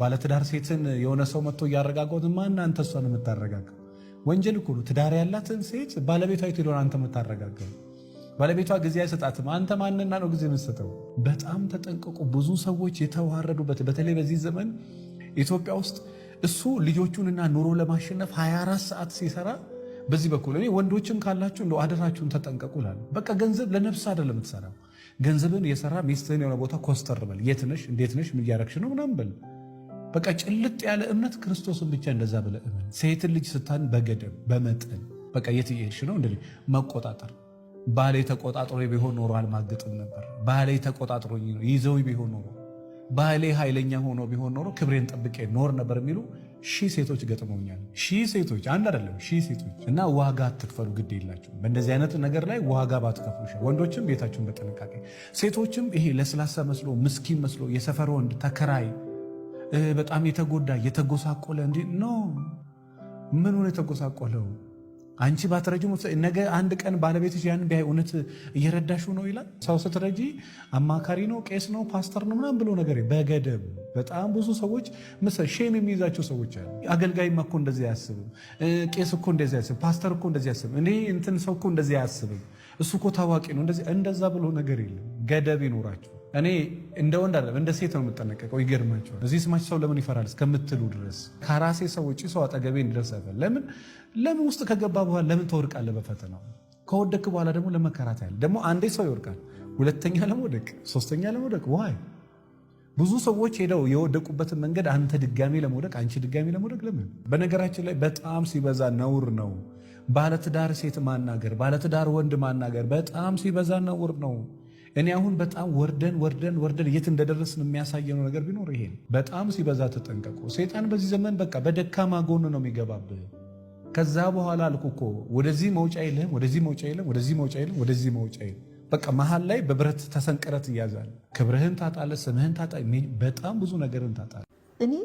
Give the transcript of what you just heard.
ባለትዳር ሴትን የሆነ ሰው መጥቶ እያረጋጋት፣ ማን አንተ እሷን የምታረጋጋው? ወንጀል እኮ ነው። ትዳር ያላትን ሴት ባለቤቷ የት ሄዶ አንተ የምታረጋጋው? ባለቤቷ ጊዜ አይሰጣትም። አንተ ማንና ነው ጊዜ የምትሰጠው? በጣም ተጠንቀቁ። ብዙ ሰዎች የተዋረዱበት በተለይ በዚህ ዘመን ኢትዮጵያ ውስጥ እሱ ልጆቹንና ኑሮ ለማሸነፍ 24 ሰዓት ሲሰራ በዚህ በኩል እኔ ወንዶችም ካላችሁ እንደ አደራችሁን ተጠንቀቁ ላሉ በቃ ገንዘብ ለነፍስ አይደለም የምትሰራው። ገንዘብን የሰራ ሚስትህን የሆነ ቦታ ኮስተር በል። የት ነሽ? እንዴት ነሽ? ምን እያረግሽ ነው? ምናምን በል በቃ ጭልጥ ያለ እምነት ክርስቶስን ብቻ እንደዛ ብለ እመን። ሴትን ልጅ ስታን በገደብ በመጠን በቃ የት እየሄድሽ ነው? እንደ መቆጣጠር ባሌ ተቆጣጥሮ ቢሆን ኖሮ አልማግጥም ነበር። ባሌ ተቆጣጥሮ ይዘው ቢሆን ኖሮ፣ ባሌ ኃይለኛ ሆኖ ቢሆን ኖሮ ክብሬን ጠብቄ ኖር ነበር የሚሉ ሺህ ሴቶች ገጥመውኛል። ሺህ ሴቶች አንድ አይደለም፣ ሺህ ሴቶች እና ዋጋ አትክፈሉ፣ ግድ የላችሁ በእንደዚህ አይነት ነገር ላይ ዋጋ ባትከፍሉ ወንዶችም ቤታችሁን በጥንቃቄ ሴቶችም ይሄ ለስላሳ መስሎ ምስኪን መስሎ የሰፈር ወንድ ተከራይ በጣም የተጎዳ የተጎሳቆለ እንዲ ኖ ምን ሆነ የተጎሳቆለው? አንቺ ባትረጂ ነገ አንድ ቀን ባለቤትሽ ያን ቢያይ እውነት እየረዳሹ ነው ይላል። ሰው ስትረጂ አማካሪ ነው፣ ቄስ ነው፣ ፓስተር ነው ምናምን ብሎ ነገር በገደብ በጣም ብዙ ሰዎች ምስ ሼም የሚይዛቸው ሰዎች አሉ። አገልጋይማ እኮ እንደዚህ አያስብም፣ ቄስ እኮ እንደዚህ አያስብም፣ ፓስተር እኮ እንደዚህ አያስብም፣ እኔ እንትን ሰው እኮ እንደዚህ አያስብም፣ እሱ እኮ ታዋቂ ነው እንደዚህ እንደዛ ብሎ ነገር የለም። ገደብ ይኖራቸው እኔ እንደ ወንድ አይደለም እንደ ሴት ነው የምጠነቀቀው። ይገርማቸዋል። እዚህ ስማች ሰው ለምን ይፈራል እስከምትሉ ድረስ ከራሴ ሰው ውጭ ሰው አጠገቤ እንዲደርስ ለምን ለምን ውስጥ ከገባ በኋላ ለምን ተወድቃለህ በፈተናው ከወደክ በኋላ ደግሞ ለመከራት ያለ ደግሞ አንዴ ሰው ይወድቃል፣ ሁለተኛ ለመውደቅ፣ ሶስተኛ ለመውደቅ ዋይ ብዙ ሰዎች ሄደው የወደቁበትን መንገድ አንተ ድጋሚ ለመውደቅ አንቺ ድጋሚ ለመውደቅ ለምን? በነገራችን ላይ በጣም ሲበዛ ነውር ነው ባለትዳር ሴት ማናገር፣ ባለትዳር ወንድ ማናገር በጣም ሲበዛ ነውር ነው። እኔ አሁን በጣም ወርደን ወርደን ወርደን የት እንደደረስን የሚያሳየነው ነገር ቢኖር ይሄ በጣም ሲበዛ ተጠንቀቁ። ሰይጣን በዚህ ዘመን በቃ በደካማ ጎን ነው የሚገባብህ። ከዛ በኋላ አልኩ እኮ ወደዚህ መውጫ የለህም፣ ወደዚህ መውጫ የለም፣ ወደዚህ መውጫ የለም፣ ወደዚህ መውጫ የለም። በቃ መሀል ላይ በብረት ተሰንቅረት እያዛል። ክብርህን ታጣለ፣ ስምህን ታጣ፣ በጣም ብዙ ነገርን ታጣለ። እኔ